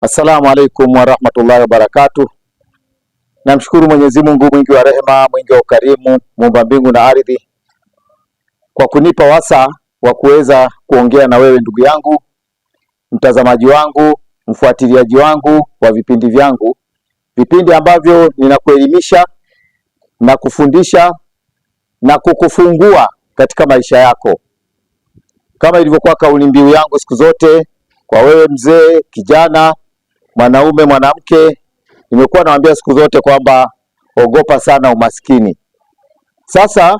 Assalamu alaikum warahmatullahi wabarakatuh. Namshukuru Mwenyezi Mungu mwingi wa rehema, mwingi wa ukarimu, muumba mbingu na ardhi, kwa kunipa wasa wa kuweza kuongea na wewe ndugu yangu, mtazamaji wangu, mfuatiliaji wangu wa vipindi vyangu, vipindi ambavyo ninakuelimisha na kufundisha na kukufungua katika maisha yako, kama ilivyokuwa kauli mbiu yangu siku zote, kwa wewe mzee, kijana mwanaume, mwanamke, nimekuwa nawaambia siku zote kwamba ogopa sana umaskini. Sasa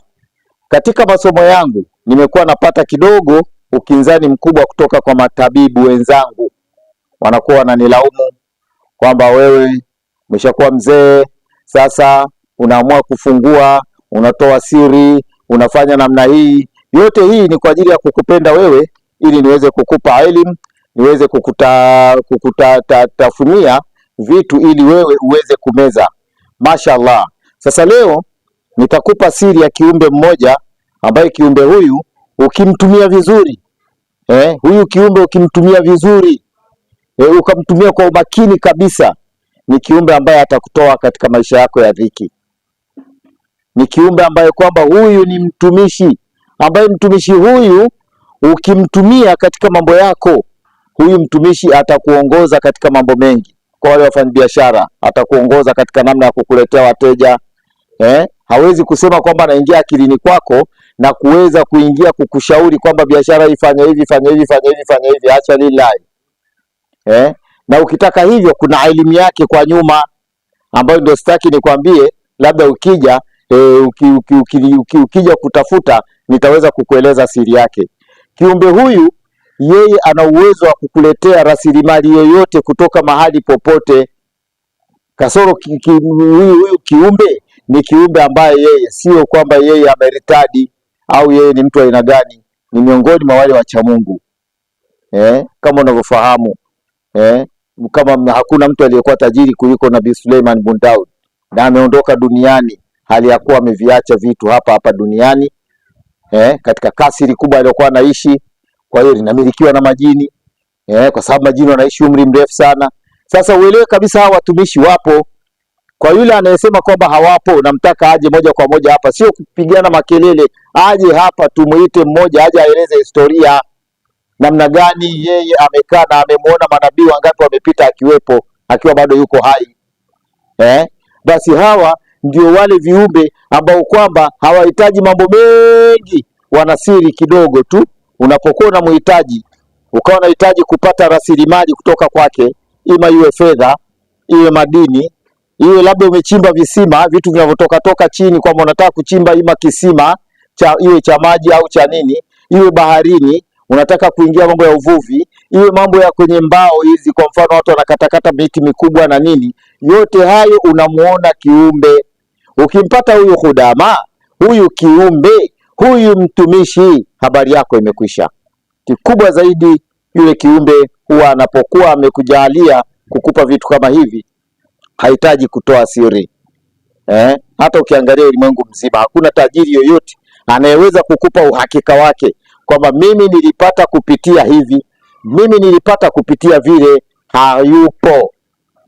katika masomo yangu nimekuwa napata kidogo ukinzani mkubwa kutoka kwa matabibu wenzangu, wanakuwa wananilaumu kwamba wewe umeshakuwa mzee sasa, unaamua kufungua, unatoa siri, unafanya namna hii. Yote hii ni kwa ajili ya kukupenda wewe, ili niweze kukupa elimu niweze kukuta kukutatafunia vitu ili wewe uweze kumeza. Mashallah. Sasa leo nitakupa siri ya kiumbe mmoja ambaye kiumbe huyu ukimtumia vizuri eh, huyu kiumbe ukimtumia vizuri eh, ukamtumia kwa umakini kabisa, ni kiumbe ambaye atakutoa katika maisha yako ya dhiki. Ni kiumbe ambaye kwamba huyu ni mtumishi ambaye mtumishi huyu ukimtumia katika mambo yako Huyu mtumishi atakuongoza katika mambo mengi. Kwa wale wafanyabiashara, atakuongoza katika namna ya kukuletea wateja eh? Hawezi kusema kwamba anaingia akilini kwako na kuweza kuingia kukushauri kwamba biashara ifanye hivi fanye hivi fanye hivi fanye hivi, acha lillahi eh? Na ukitaka hivyo, kuna elimu yake kwa nyuma ambayo ndio sitaki nikwambie, labda ukija e, uki, uki, uki, uki, ukija kutafuta nitaweza kukueleza siri yake. Kiumbe huyu yeye ana uwezo wa kukuletea rasilimali yoyote kutoka mahali popote, kasoro huyu huyu kiumbe ni kiumbe ambaye yeye sio kwamba yeye ameritadi au yeye ni mtu aina gani, ni miongoni mwa wale wacha Mungu eh, kama unavyofahamu eh, kama hakuna mtu aliyekuwa tajiri kuliko Nabii Suleiman bin Daud, na ameondoka duniani hali ya kuwa ameviacha vitu hapa hapa duniani eh, katika kasiri kubwa aliyokuwa anaishi kwa hiyo linamilikiwa na majini eh, kwa sababu majini wanaishi umri mrefu sana. Sasa uelewe kabisa hawa watumishi wapo. Kwa yule anayesema kwamba hawapo, namtaka aje moja kwa moja hapa, sio kupigana makelele. Aje hapa tumuite mmoja, aje aeleze historia namna gani yeye amekaa na amemwona manabii wangapi wamepita akiwepo, akiwa bado yuko hai eh? Basi hawa ndio wale viumbe ambao kwamba hawahitaji mambo mengi, wana siri kidogo tu Unapokuwa unamhitaji ukawa unahitaji kupata rasilimali kutoka kwake, ima iwe fedha, iwe madini, iwe labda umechimba visima, vitu vinavyotoka toka chini, kwamba unataka kuchimba ima kisima cha iwe cha maji au cha nini, iwe baharini, unataka kuingia mambo ya uvuvi, iwe mambo ya kwenye mbao hizi, kwa mfano watu wanakatakata miti mikubwa na nini, yote hayo unamuona kiumbe. Ukimpata huyu hudama, huyu kiumbe huyu mtumishi, habari yako imekwisha. Kikubwa zaidi, yule kiumbe huwa anapokuwa amekujalia kukupa vitu kama hivi, hahitaji kutoa siri eh? Hata ukiangalia ulimwengu mzima, hakuna tajiri yoyote anayeweza kukupa uhakika wake kwamba mimi nilipata kupitia hivi, mimi nilipata kupitia vile, hayupo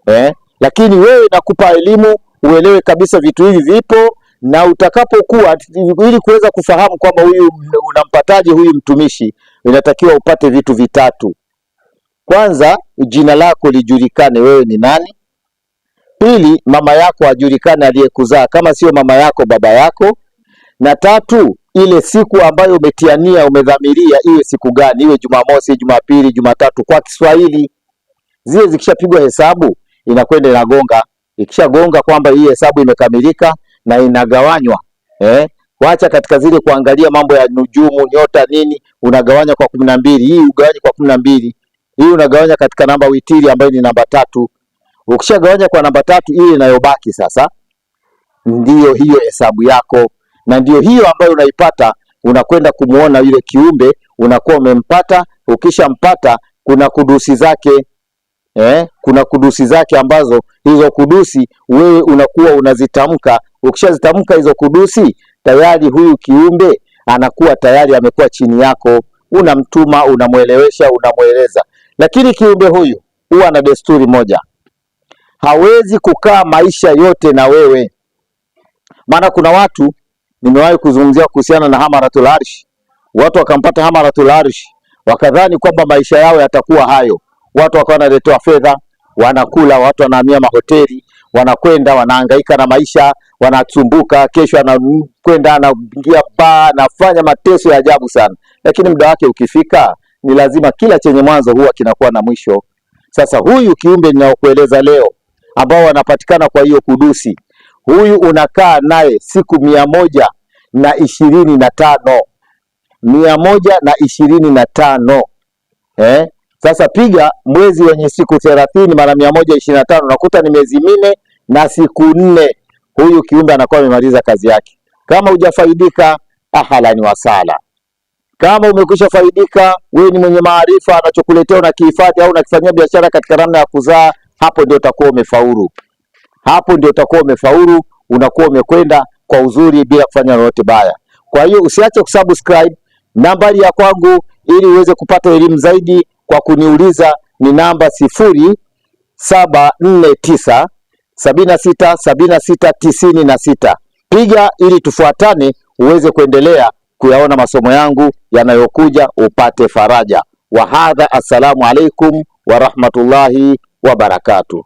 eh? Lakini wewe nakupa elimu uelewe kabisa vitu hivi vipo na utakapokuwa, ili kuweza kufahamu kwamba huyu unampataje huyu mtumishi, inatakiwa upate vitu vitatu. Kwanza, jina lako lijulikane, wewe ni nani. Pili, mama yako ajulikane, aliyekuzaa, kama sio mama yako, baba yako. Na tatu, ile siku ambayo umetiania, umedhamiria, iwe siku gani, iwe Jumamosi, Jumapili, Jumatatu kwa Kiswahili. Zile zikishapigwa hesabu inakwenda inagonga, ikishagonga kwamba hii hesabu imekamilika na inagawanywa eh? Wacha katika zile kuangalia mambo ya nujumu, nyota, nini, unagawanya kwa kumi na mbili. Hii ugawanye kwa kumi na mbili, hii unagawanya katika namba witiri ambayo ni namba tatu. Ukishagawanya kwa namba tatu, hii inayobaki sasa ndiyo hiyo hesabu yako, na ndiyo hiyo ambayo unaipata, unakwenda kumuona yule kiumbe, unakuwa umempata. Ukishampata kuna kudusi zake eh? kuna kudusi zake ambazo hizo kudusi wewe unakuwa unazitamka Ukishazitamka hizo kudusi, tayari huyu kiumbe anakuwa tayari amekuwa chini yako, unamtuma, unamwelewesha, unamweleza. Lakini kiumbe huyu huwa na desturi moja, hawezi kukaa maisha yote na wewe. Maana kuna watu nimewahi kuzungumzia kuhusiana na hamaratul Arsh, watu wakampata hamaratul Arsh wakadhani kwamba maisha yao yatakuwa hayo. Watu wakawa wanaletewa fedha, wanakula, watu wanahamia mahoteli wanakwenda wanahangaika na maisha, wanasumbuka, kesho anakwenda anaingia baa, anafanya mateso ya ajabu sana, lakini muda wake ukifika, ni lazima. Kila chenye mwanzo huwa kinakuwa na mwisho. Sasa huyu kiumbe ninaokueleza leo, ambao wanapatikana kwa hiyo kudusi, huyu unakaa naye siku mia moja na ishirini na tano mia moja na ishirini na tano eh? Sasa piga mwezi wenye siku thelathini mara mia moja ishirini na tano unakuta ni miezi minne na siku nne. Huyu kiumbe anakuwa amemaliza kazi yake. Kama hujafaidika ahalani wasala. Kama umekwisha faidika, wewe ni mwenye maarifa, anachokuletea unakihifadhi au unakifanyia biashara katika namna ya kuzaa, hapo ndio utakuwa umefaulu, hapo ndio utakuwa umefaulu, unakuwa umekwenda kwa uzuri bila kufanya lolote baya. Kwa hiyo usiache kusubscribe nambari ya kwangu, ili uweze kupata elimu zaidi kwa kuniuliza ni namba sifuri saba nne tisa sabini na sita sabini na sita tisini na sita. Piga ili tufuatane uweze kuendelea kuyaona masomo yangu yanayokuja, upate faraja. wa hadha assalamu alaikum warahmatullahi wabarakatuh.